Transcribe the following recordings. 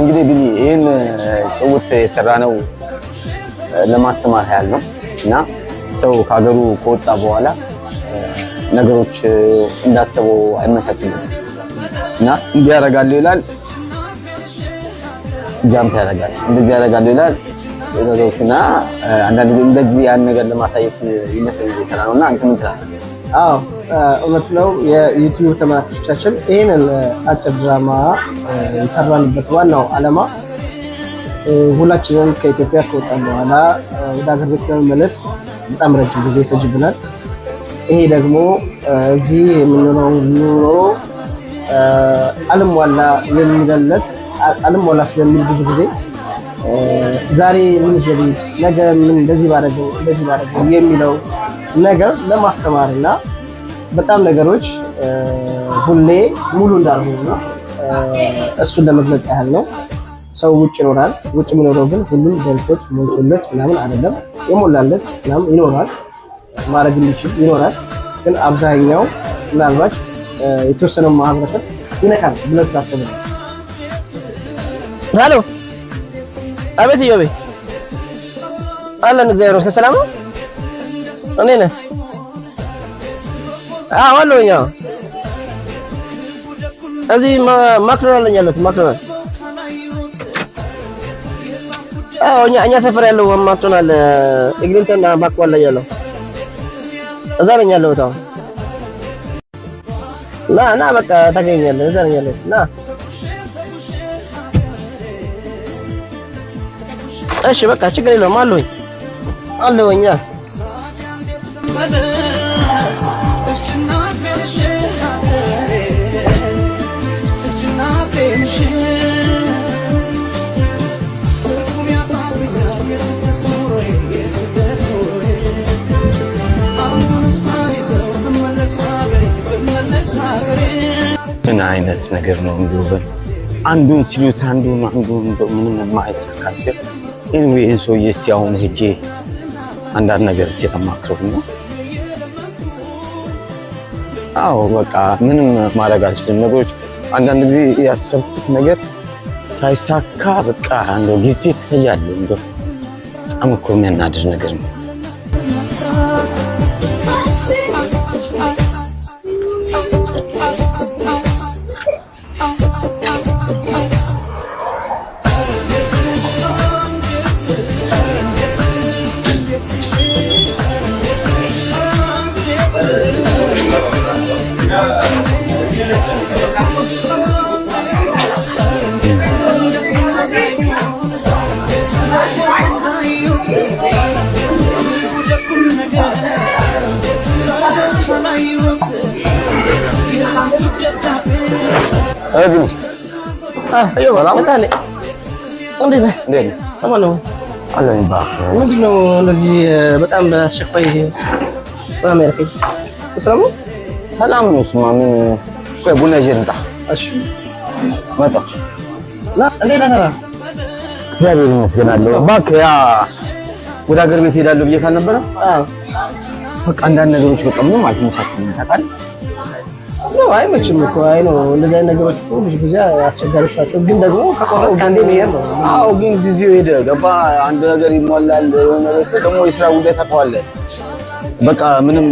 እንግዲህ ቢኒ ይህን ጭውት የሰራ ነው ለማስተማር ያህል ነው እና ሰው ከሀገሩ ከወጣ በኋላ ነገሮች እንዳሰበው አይመሰክልም እና እንዲህ ያደርጋለሁ ይላል፣ ጃምፕ ያደርጋል፣ እንደዚህ ያደርጋለሁ ይላል ነገሮች እና አንዳንድ እንደዚህ ያን ነገር ለማሳየት ይመስል የሰራ ነው እና እንትን ትላለህ አዎ እውነት ነው። የዩቲዩብ ተመልካቾቻችን ይህንን አጭር ድራማ የሰራንበት ዋናው ዓላማ ሁላችንም ከኢትዮጵያ ከወጣን በኋላ ወደ ሀገር ቤት ለመመለስ በጣም ረጅም ጊዜ ፈጅብናል። ይሄ ደግሞ እዚህ የምንኖረው ኑሮ ዋላ የሚለለት ዋላ ስለሚል ብዙ ጊዜ ዛሬ ምን ሸሪት ነገ ምን እንደዚህ ባደረገው እንደዚህ ባደረገው የሚለው ነገር ለማስተማር እና በጣም ነገሮች ሁሌ ሙሉ እንዳልሆኑ እሱን ለመግለጽ ያህል ነው። ሰው ውጭ ይኖራል። ውጭ የሚኖረው ግን ሁሉም ደልቶት ሞልቶለት ምናምን አይደለም። የሞላለት ምናምን ይኖራል፣ ማድረግ የሚችል ይኖራል። ግን አብዛኛው ምናልባት የተወሰነው ማህበረሰብ ይነካል ብለን ስላሰብ ነው። አቤት፣ ዮቤ አለን። እግዚአብሔር ይመስገን ሰላም ነው። እኔ ነህ? አዎ አለሁኝ። እዚህ ማክዶናል ነኝ ያለሁት። ማክዶናል እኛ ሰፈር ያለው ማክዶናል እግሊንተን ማክዋል ላይ ያለው እዛ ነኝ ያለሁት። ና ና፣ በቃ ታገኛለህ። እዛ ነኝ ያለሁት። ና እሺ፣ በቃ ችግር የለውም። አለሁኝ አለሁኝ። ምን አይነት ነገር ነው? እንዲሁበን አንዱን ሲሉት አንዱን አንዱን ምንም የማይሳካ ነገር ይህን ሰውዬ እስቲ አሁን ሄጄ አንዳንድ ነገር እስቲ አማክረው ነው አዎ በቃ ምንም ማድረግ አልችልም። ነገሮች አንዳንድ ጊዜ ያሰብኩት ነገር ሳይሳካ በቃ እንደው ጊዜ ትፈጃለህ። እንደው አመኮ የሚያናድር ነገር ነው። à, Aduh. Ah, ayo salam. Kita ni. Ambil ni. Ambil. Apa ni? Allah yang bakar. Mungkin orang nasi betam dah syakai. Mana mereka? Assalamualaikum. ሰላም ነው። ስማ ምን ቆይ ቡና ይዤ ልምጣ። እሺ መጣ ላ እንዴት ነህ? እግዚአብሔር ይመስገን እባክህ ያ ወደ ሀገር ቤት ሄዳለሁ ብዬ ካልነበረ በቃ አንዳንድ ነገሮች ገጠሙ ማለት ነው። ሳችሁ ታውቃለህ? ነው አይ እኮ አይ ነው እንደዚህ አይነት ነገሮች እኮ ብዙ ጊዜ አስቸጋሪዎች ናቸው። ግን ደግሞ ነው። አዎ ግን ጊዜው ሄደ ገባ አንድ ነገር ይሟላል ደግሞ የስራ ጉዳይ ታውቀዋለህ በቃ ምንም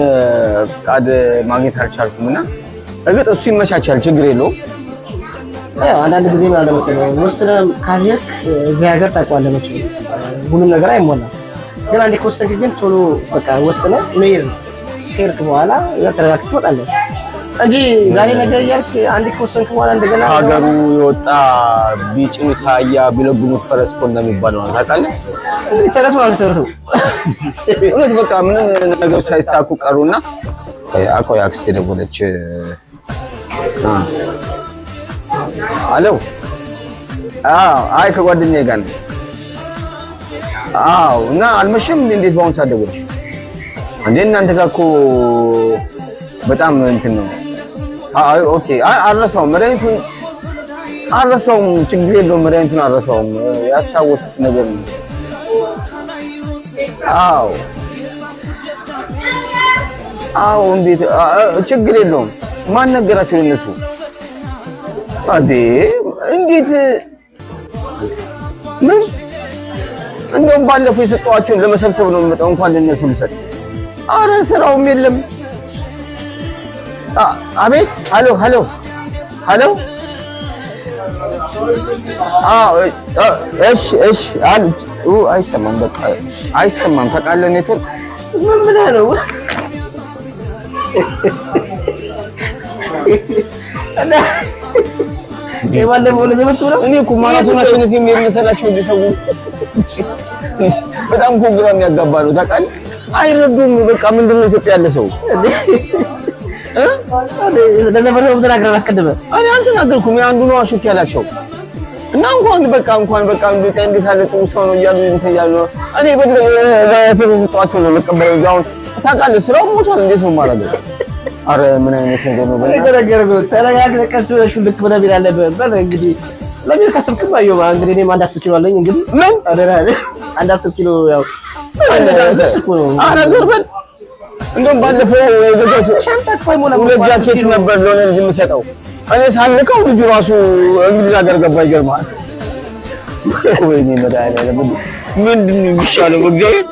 ፍቃድ ማግኘት አልቻልኩም እና እርግጥ እሱ ይመቻቻል፣ ችግር የለውም። አንዳንድ ጊዜ ምን አለ መሰለኝ ወስነህ ካልሄድክ እዚህ ሀገር ታውቀዋለህ መቼም ሁሉም ነገር አይሞላም። ግን አንዴ ከወሰንክ ግን ቶሎ በቃ ወስነህ መሄድ ነው። ከሄድክ በኋላ ተረጋግተህ ትመጣለህ። እንጂ ዛሬ ነገ እያልክ አንድ ከወሰንክ በኋላ እንደገና ከሀገሩ የወጣ ቢጭኑት አህያ ቢለጉሙት ፈረስ እኮ እንደሚባለው ታውቃለህ ተረቱ እውነት በቃ ምንም ሳይሳኩ ቀሩና አክስቴ ደወለች። አይ ከጓደኛዬ ጋር አዎ እና አልመሸም። እንዴት በአሁኑ ሰዓት እንዴ? እናንተ ጋር እኮ በጣም እንትን ነው ኦኬ አልረሳውም፣ መድኃኒቱን አልረሳውም። ችግር የለውም፣ መድኃኒቱን አልረሳውም። ያስታወስኩት ነገር ነው። አዎ አዎ፣ እንዴት ችግር የለውም። ማን ነገራቸው እነሱ? አዴ እንዴት ምን እንደውም ባለፈው የሰጠኋቸውን ለመሰብሰብ ነው የምመጣው። እንኳን ለእነሱ ልሰጥ። አረ ስራውም የለም አቤት ሄሎ ሄሎ ሄሎ እሺ እሺ አይሰማም፣ በቃ አይሰማም። ታውቃለህ ኔትወርክ ምን ብለህ ነው በጣም የሚያጋባ ነው። ታውቃለህ አይረዱም። በቃ ምንድን ነው ኢትዮጵያ ያለ ሰው ለዘፈር ሰው ተናግረን አስቀድመ እኔ አልተናገርኩም። አንዱ ነው አሹክ ያላቸው እና እንኳን በቃ እንኳን በቃ በቃ እንዴት አለ ጥሩ ሰው ነው እያሉ እንትን እያሉ ነው። እኔ በድለ ለፌት ነው መቀበለው። እዛውን ታውቃለህ፣ ስራው ሞቷል። እንዴት ነው ማለት ነው? አረ ምን አይነት ነገር ነው? በነገረገ ተረጋግጠህ ቀስ ብለሽ ልክ ብለህ ቢል አለብህ። በል እንግዲህ ለምን ካሰብክም አየሁ እንግዲህ እኔም አንድ አስር ኪሎ አለኝ። እንግዲህ ምን አደራ አንድ አስር ኪሎ ያው አንድ አንተ ስኩ አረ ዞር በል እንደውም ባለፈው ሁለት ጃኬት ነበር ለሆነ ልጅ የምሰጠው እኔ ሳልከው ልጁ ራሱ እንግሊዝ ሀገር ገባ። ይገርማል። ወይኔ መድኃኒዓለም ምንድን ነው የሚሻለው? እግዚአብሔር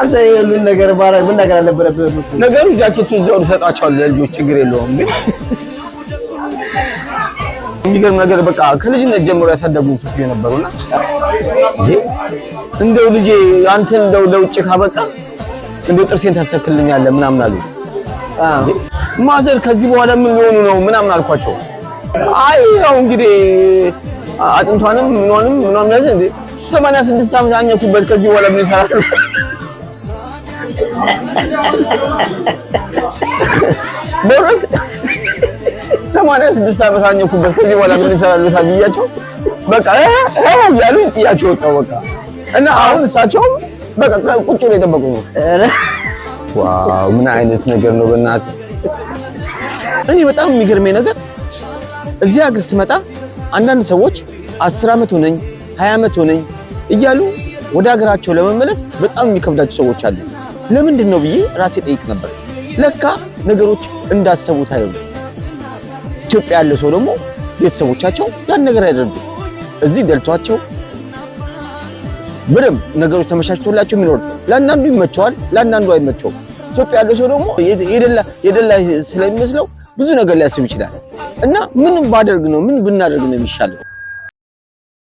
አንተ የሉን ነገር ባላ ምን ነገር አልነበረብህም። ነገሩ ጃኬቱን እዚያው እሰጣቸዋለሁ ለልጆች፣ ችግር የለውም። ግን የሚገርም ነገር በቃ ከልጅነት ጀምሮ ያሳደጉ ፍቅር ነበሩና እንደው ልጄ አንተን እንደው ለውጭ ካበቃ እንደ ጥርሴን ታስተክልኛለህ ምናምን አሉ። ማዘር ከዚህ በኋላ ምን ሊሆኑ ነው ምናምን አልኳቸው። አይ ያው እንግዲህ አጥንቷንም ምኗንም ምኗም ያዘ እንዴ 86 ስድስት ዓመት አኘኩበት። ከዚህ በኋላ ምን ይሰራሉ? በእውነት 86 ስድስት ዓመት አኘኩበት። ከዚህ በኋላ ምን ይሰራሉ ብያቸው በቃ እያሉ ጥያቸው ወጣሁ በቃ እና አሁን እሳቸውም በቃ ቁጭ ብሎ የጠበቁ ነው። ዋው ምን አይነት ነገር ነው በእናትህ። እኔ በጣም የሚገርመኝ ነገር እዚህ ሀገር ስመጣ አንዳንድ ሰዎች አስር ዓመት ሆነኝ ሀያ ዓመት ሆነኝ እያሉ ወደ ሀገራቸው ለመመለስ በጣም የሚከብዳቸው ሰዎች አሉ። ለምንድን ነው ብዬ ራሴ ጠይቅ ነበር። ለካ ነገሮች እንዳሰቡት አይሆኑም። ኢትዮጵያ ያለ ሰው ደግሞ ቤተሰቦቻቸው ያን ነገር አይደርጉም። እዚህ ደልቷቸው ምንም ነገሮች ተመቻችቶላቸው የሚኖር ለአንዳንዱ ይመቸዋል፣ ለአንዳንዱ አይመቸውም። ኢትዮጵያ ያለው ሰው ደግሞ የደላ ስለሚመስለው ብዙ ነገር ሊያስብ ይችላል እና ምንም ባደርግ ነው ምን ብናደርግ ነው የሚሻለው?